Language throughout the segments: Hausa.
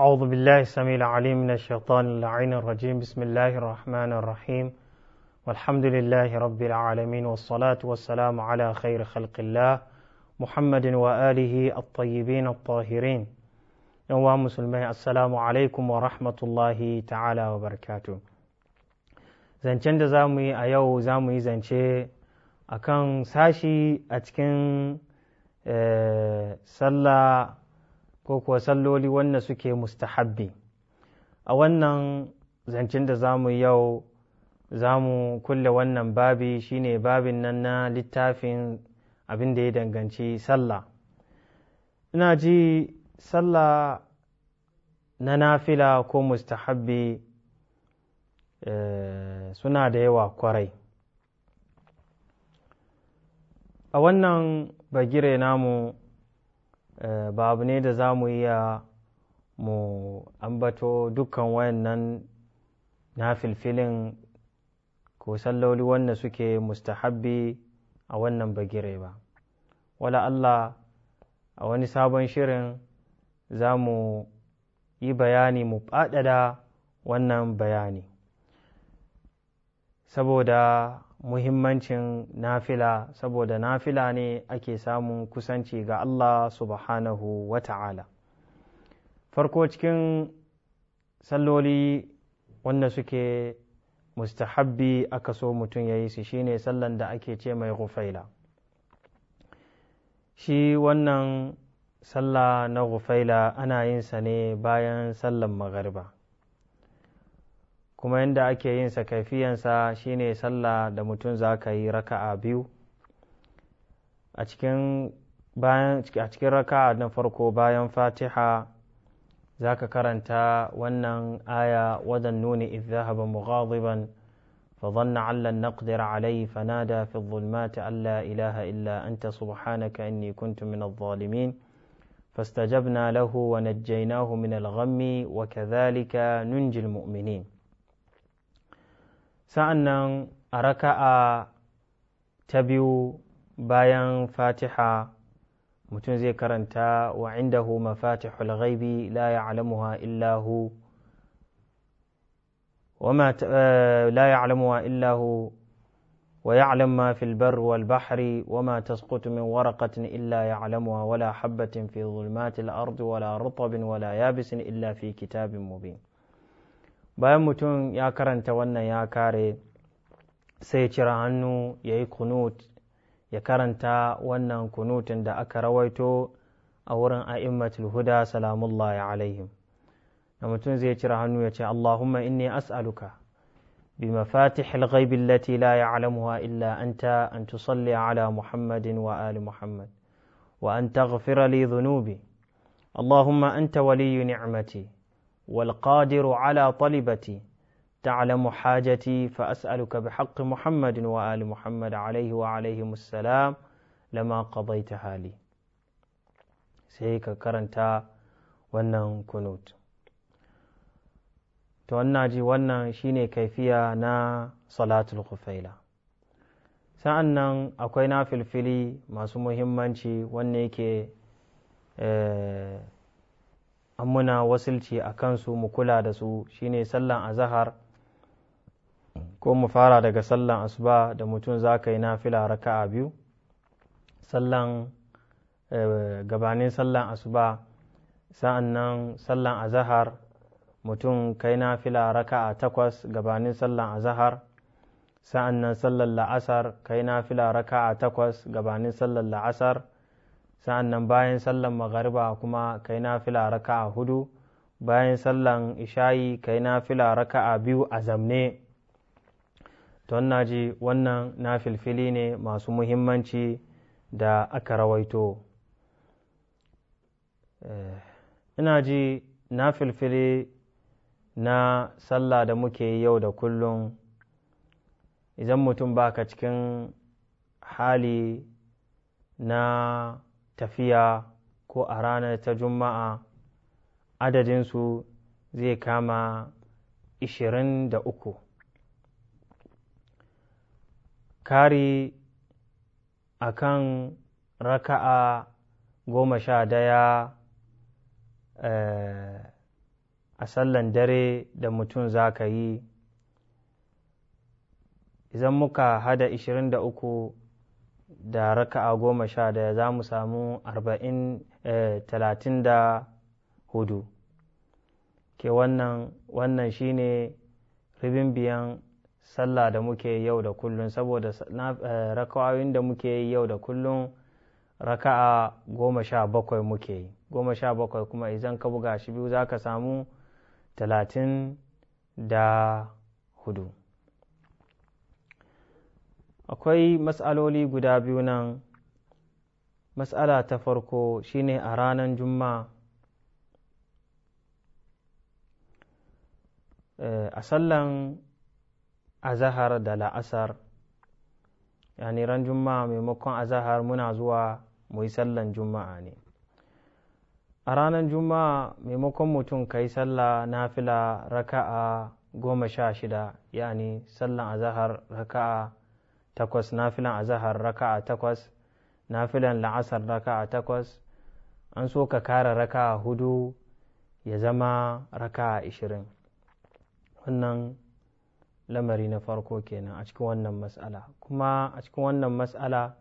أعوذ بالله السميع العليم من الشيطان اللعين الرجيم بسم الله الرحمن الرحيم والحمد لله رب العالمين والصلاة والسلام على خير خلق الله محمد وآله الطيبين الطاهرين يوم مسلمين السلام عليكم ورحمة الله تعالى وبركاته zancen da za mu yi a yau za mu yi zance a kan sashi a cikin sallah ko kuwa salloli wanda suke mustahabbi a wannan zancen da za mu yau za mu kulle wannan babi shine babin nan na littafin abin da ya danganci sallah ina ji sallah na nafila ko mustahabbi eh, suna da yawa kwarai a wannan bagire namu Eh, ba abu ne da za mu iya mu ambato dukkan wayannan na filfilin ko salloli wanda suke mustahabbi a wannan bagire ba wala Allah a wani sabon shirin za mu yi bayani mu faɗaɗa wannan bayani saboda muhimmancin nafila saboda nafila ne ake samun kusanci ga Allah subhanahu wa ta'ala farko cikin salloli wanda suke mustahabbi aka so mutum ya yi su shine sallan da ake ce mai rufaila shi wannan sallah na rufaila ana yin sa ne bayan sallan magariba kuma yadda ake yin sa kaifiyansa shine sallah da mutum zaka yi raka'a biyu a cikin a cikin raka'a na farko bayan fatiha zaka karanta wannan aya wadan nuni idh dhahaba mughadiban fa dhanna allan naqdir alayhi fanada fi dhulumati alla ilaha illa anta subhanaka inni kuntu min adh-dhalimin فاستجبنا له ونجيناه من الغم وكذلك ننجي المؤمنين sa'an nan a raka'a فاتحة biyu bayan وعنده مفاتح الغيب karanta wa indahu mafatihul ghaibi la ya'lamuha لا يعلمها إلا هو ويعلم ما في البر والبحر وما تسقط من ورقة إلا يعلمها ولا حبة في ظلمات الأرض ولا رطب ولا يابس إلا في كتاب مبين bayan mutum ya karanta wannan ya kare sai cira hannu ya yi kunut ya karanta wannan kunutin da aka rawaito a wurin a'immatul huda salamullahi alaihim da mutum zai cira hannu ya ce Allahumma inni as'aluka بمفاتح الغيب التي لا يعلمها إلا أنت أن تصلي على محمد وآل wa وأن تغفر لي ذنوبي اللهم أنت ولي نعمتي والقادر على طلبتي تعلم حاجتي فأسألك بحق محمد وآل محمد عليه وعليهم السلام لما قضيتها لي سيك كرنتا wannan kunut to wannan ji wannan shine kaifiya na salatul kufaila sa'an nan akwai na filfili masu muhimmanci wanne yake eh, an muna wasilci a kansu mu kula da su shine sallan azahar ko mu fara daga sallan asuba da mutum za ka yi nafila raka'a biyu sallan eh, gabanin sallan asuba sa'an nan sallan azahar mutum kai nafila raka'a takwas gabanin sallan azahar sa'an nan sallan la'asar kai nafila raka'a takwas gabanin sallan la'asar sa'an nan bayan sallan magariba kuma kai nafila raka'a hudu bayan sallan ishayi kai nafila raka'a biyu a zamne don na ji wannan na filfili ne masu muhimmanci da aka rawaito eh, ina ji na na sallah da muke yau da kullum idan mutum baka cikin hali na tafiya ko a ranar ta juma'a adadinsu zai kama ishirin da uku kari a kan raka'a goma sha daya eh, a sallan dare da mutum za ka yi idan muka hada uku. da raka'a goma sha daya za mu samu arba'in eh, talatin da hudu ke wannan wannan shine ribin biyan sallah da muke yau da kullum saboda eh, raka'ayoyin da muke yi yau da kullun raka'a goma sha bakwai muke yi goma sha bakwai kuma idan ka buga shi biyu za ka samu talatin da hudu akwai matsaloli guda biyu nan matsala ta farko shine a ranar juma eh, a sallan azahar da la'asar yani ran juma'a maimakon azahar muna zuwa mu yi sallan juma'a ne a ranar juma'a maimakon mutum ka yi sallah fila raka'a goma sha shida yani sallan azahar raka'a takwas nafilan azahar raka'a takwas nafilan la'asar raka'a takwas an so ka kara raka'a hudu ya zama raka'a ishirin wannan lamari na farko kenan a cikin wannan mas'ala kuma a cikin wannan matsala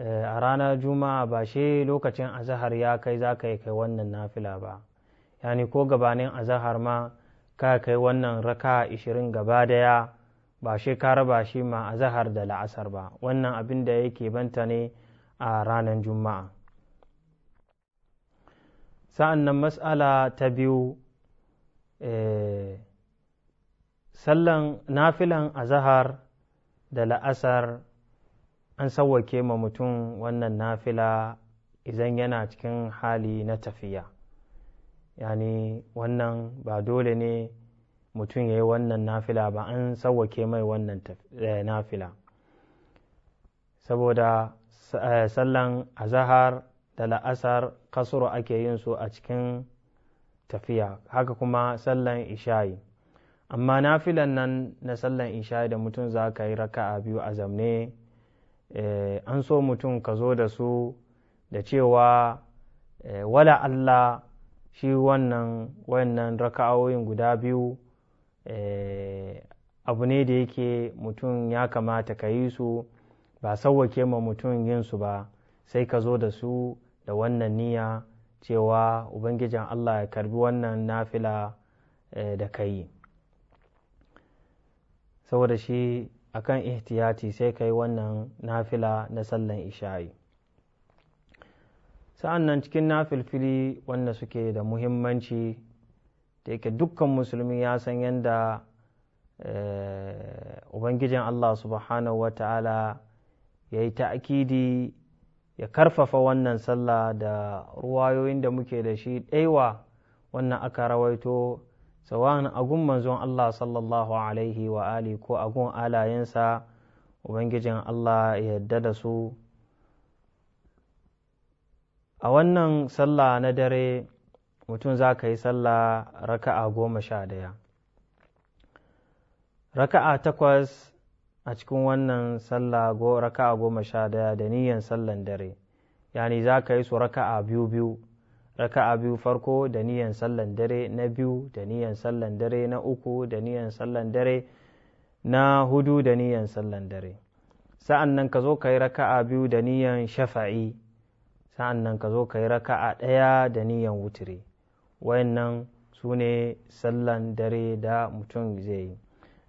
eh, a ranar juma'a ba she lokacin azahar ya kai za ka yi kai wannan nafila ba yani ko gabanin azahar ma ka kai wannan raka ishirin gaba daya ba shekara bashi shi ma a zahar da la'asar ba wannan abin da yake banta ne a ranar juma'a sa'an nan matsala ta biyu eh, sallan nafilan a zahar da la'asar an sawwake ma mutum wannan nafila idan yana cikin hali na tafiya yani wannan ba dole ne mutum ya yi wannan nafila ba an sawwake mai wannan eh, nafila saboda eh, sallan azahar da la'asar kasuru ake yin su a cikin tafiya haka kuma sallan isha'i amma nafilan nan na sallan isha'i da mutum za ka yi raka'a biyu a zamne eh, an so mutum ka zo da su da cewa wala Allah shi wannan wannan raka'o'in guda biyu Eh, abu ne da yake mutum ya kamata ka yi su ba sauwake ma mutum yin su ba sai ka zo da su da wannan niyya cewa ubangijin allah ya karbi wannan nafila eh, da ka yi saboda shi akan ihtiyati sai ka yi wannan nafila na sallan isha'i sa'an nan cikin nafilfili wanda suke da muhimmanci da yake dukkan musulmi ya san yadda eh, ubangijin Allah subhanahu wa ta'ala ya yi ta'akidi ya karfafa wannan sallah da ruwayoyin da muke da shi ɗaiwa wannan aka rawaito sawan agun manzon Allah sallallahu alaihi wa ali ko agun alayensa ubangijin Allah ya dada da su a wannan sallah na dare mutum za ka yi sallah raka'a goma sha ɗaya raka'a takwas a cikin wannan sallah raka'a goma sha daya da niyan sallan dare yani za ka yi su raka'a biyu biyu raka'a biyu farko da niyan sallan dare na biyu da niyan sallan dare na uku da niyan sallan dare na hudu da niyan sallan dare sa'an nan ka zo ka yi raka'a biyu da niyan shafa'i sa'an nan ka zo ka yi raka'a ɗaya da niyan wutiri wayannan su ne sallan dare da mutum zai yi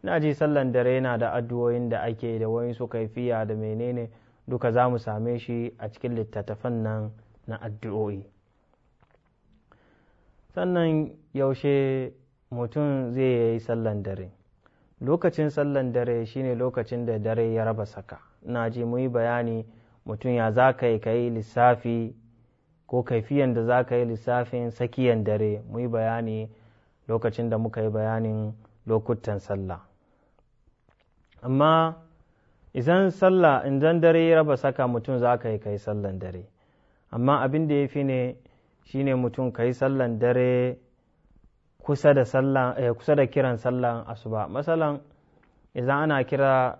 na ji sallan dare yana da addu'o'in da ake da su kaifiya da menene duka za mu same shi a cikin littattafan nan na addu'o'i sannan yaushe mutum zai yi sallan dare lokacin sallan dare shine lokacin da dare ya raba saka na ji mu yi bayani mutum ya za ka yi lissafi ko kaifiyan da za ka yi lissafin tsakiyan dare mu yi bayani lokacin da muka yi bayanin lokutan sallah amma idan sallah idan dare ya raba saka mutum za ka yi kai sallan dare amma abin da ya fi ne shine mutum ka yi sallan dare eh, kusa da kiran sallan asuba masalan idan ana kira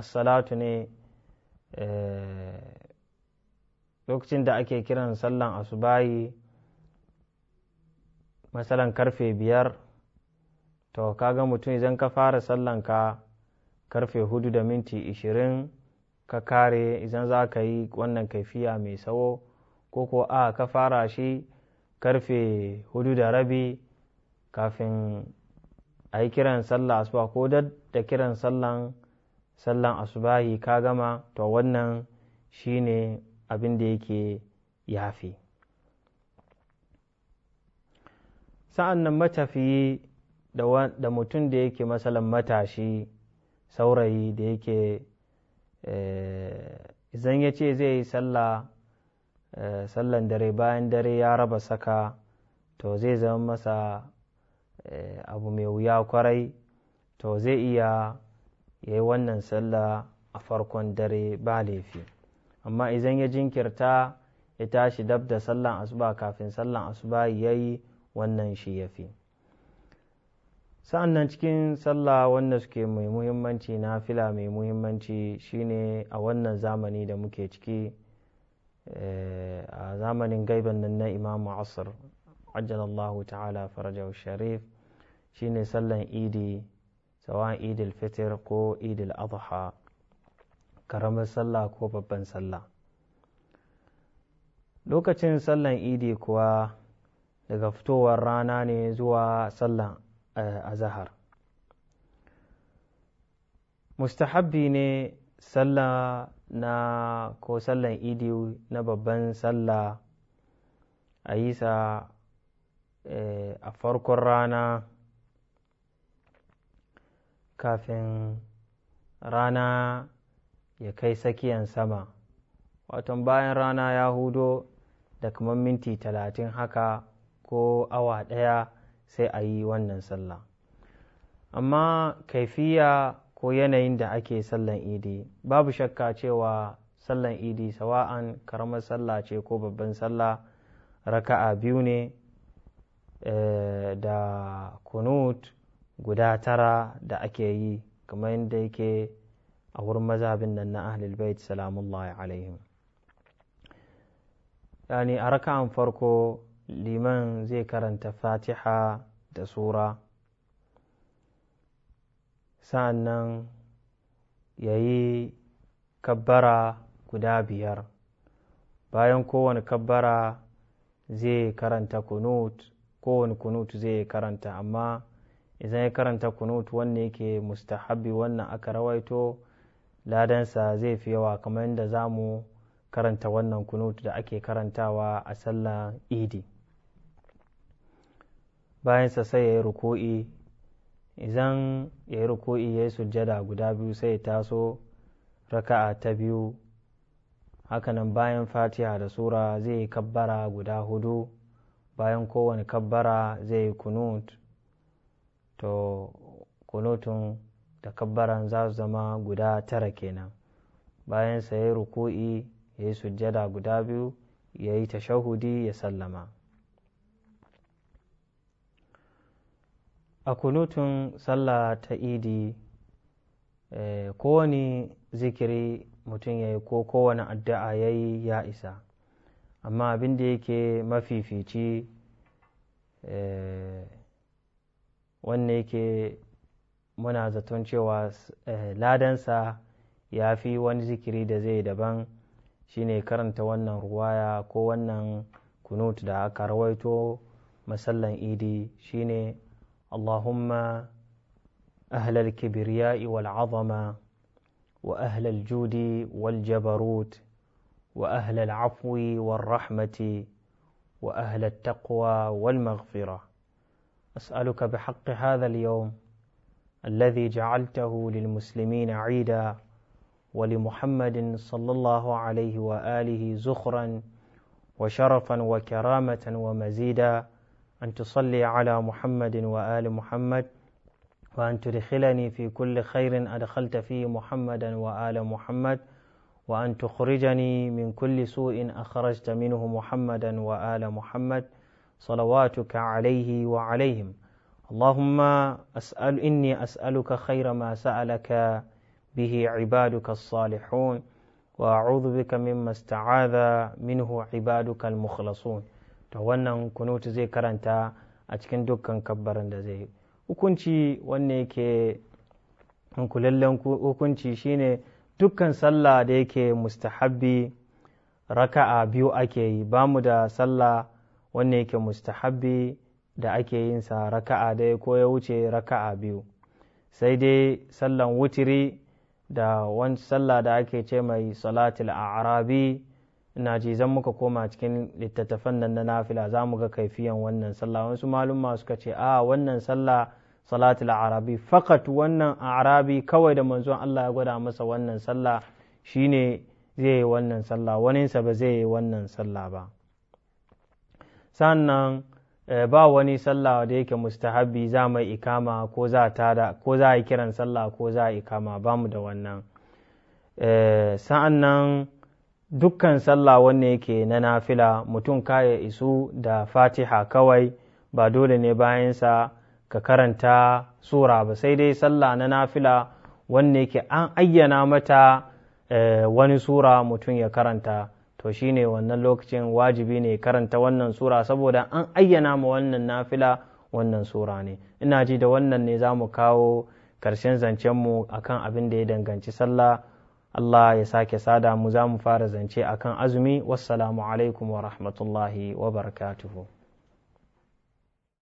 salatu ne eh, lokacin da ake kiran sallan asubahi masalan karfe biyar to kaga mutum idan ka fara sallan ka karfe hudu da minti ishirin ka kare idan za ka yi wannan kaifiya mai tsawo ko ko a ka fara shi karfe hudu da rabi kafin a yi kiran sallah asuba ko da kiran sallan sallan asubahi ka gama to wannan shine abin da yake yafe sa'an nan matafiye da mutum da yake masalan matashi saurayi da yake zan eh, ya ce zai yi sallah eh, sallan dare bayan dare ya raba saka to zai zama masa eh, abu mai wuya kwarai to zai iya ya yi wannan sallah a farkon dare ba laifi amma idan ya jinkirta ya tashi dab da sallan asuba kafin sallan asuba ya yi wannan shi ya fi sa'annan cikin sallah wanda suke mai muhimmanci na fila mai muhimmanci shine a wannan zamani da muke ciki eh, a zamanin gaiban nan na imamu asir ajalallahu ta'ala farjau sharif shine sallan idi sawan idil fitr ko idil adha karamar sallah ko babban sallah lokacin sallan idi kuwa daga fitowar rana ne zuwa sallan eh, azahar mustahabbi ne sallah na ko sallan idi na babban sallah a yi sa eh, a farkon rana kafin rana ya kai tsakiyan sama watan bayan rana ya hudo da kamar minti talatin haka ko awa ɗaya sai a yi wannan sallah amma kaifiya ko yanayin da ake sallan idi babu shakka cewa sallan idi sawa'an karamar sallah ce ko babban sallah raka'a biyu ne eh, da kunut guda tara da ake yi kamar yadda yake a wurin mazabin nan na ahlul bait salamullahi alaihim yani a raka'an farko liman zai karanta fatiha da sura sa'annan ya yi kabbara guda biyar bayan kowane kabbara zai karanta kunut kowane kunut zai karanta amma idan ya karanta kunut wanne yake mustahabi wannan aka rawaito ladansa zai fi yawa kamar yadda za mu karanta wannan kunut da ake karantawa a sallar idi bayansa sai ya yi ruku'i idan ya yi ruku'i ya yi sujjada guda biyu sai ya taso raka'a ta biyu hakanan bayan fatiha da sura zai yi kabbara guda hudu bayan kowane kabbara zai yi kunut to kunutun takabbaran za su zama guda tara kenan bayan sa ya ruku'i ya yi sujjada guda biyu ya yi tashahudi ya sallama a kunutun sallah ta idi eh, kowane zikiri mutum ya yi ko kowane addu'a ya yi ya isa amma abin da yake mafifici eh, wanne yake muna zaton cewa ladansa ya fi wani zikiri da zai daban shine karanta wannan ruwaya ko wannan kunut da aka rawaito masallan idi shine allahumma ahlal kibriya'i wal azama wa ahlal judi wal jabarut wa ahlal afwi wal rahmati wa ahlal taqwa wal maghfira أسألك بحق هذا اليوم الذي جعلته للمسلمين عيدا ولمحمد صلى الله عليه واله زخرا وشرفا وكرامه ومزيدا ان تصلي على محمد وال محمد وأن تدخلني في كل خير أدخلت فيه محمدا وآل محمد وأن تخرجني من كل سوء أخرجت منه محمدا وآل محمد صلواتك عليه وعليهم اللهم أسأل إني أسألك masu ما bihi به عبادك الصالحون وأعوذ min مما استعاذ منه عبادك المخلصون to wannan kunutu zai karanta a cikin dukkan kabbaran da zai hukunci wanne yake shine dukkan sallah da yake mustahabbi raka'a biyu ake yi bamu da sallah wanne yake mustahabbi da ake yin sa raka'a daya ko ya wuce raka'a biyu sai dai sallan wutiri da wani sallah da ake ce mai salatul a'rabi ina ji zan muka koma cikin littattafan nan na nafila za mu ga kaifiyan wannan sallah wasu malumma suka ce a wannan sallah salatul arabi fakat wannan arabi kawai da manzon Allah ya gwada masa wannan sallah shine zai yi wannan sallah waninsa ba zai yi wannan sallah ba sannan Eh, ba wani sallah da yake mustahabi za mai ikama ko za ko za a yi kiran sallah ko za a ikama ba mu da wannan eh, sa'annan dukkan sallah wanne yake na nafila mutum kaya isu da fatiha kawai ba dole ne bayansa ka karanta sura ba sai dai sallah na nafila wanne yake an ayyana mata eh, wani sura mutum ya karanta to shine wannan lokacin wajibi ne karanta wannan sura saboda an ayyana ma wannan nafila wannan sura ne ina ji da wannan ne za mu kawo ƙarshen zancenmu akan abin da ya danganci sallah Allah ya sake sada mu za mu fara zance akan azumi wassalamu alaikum wa rahmatullahi wa barakatuhu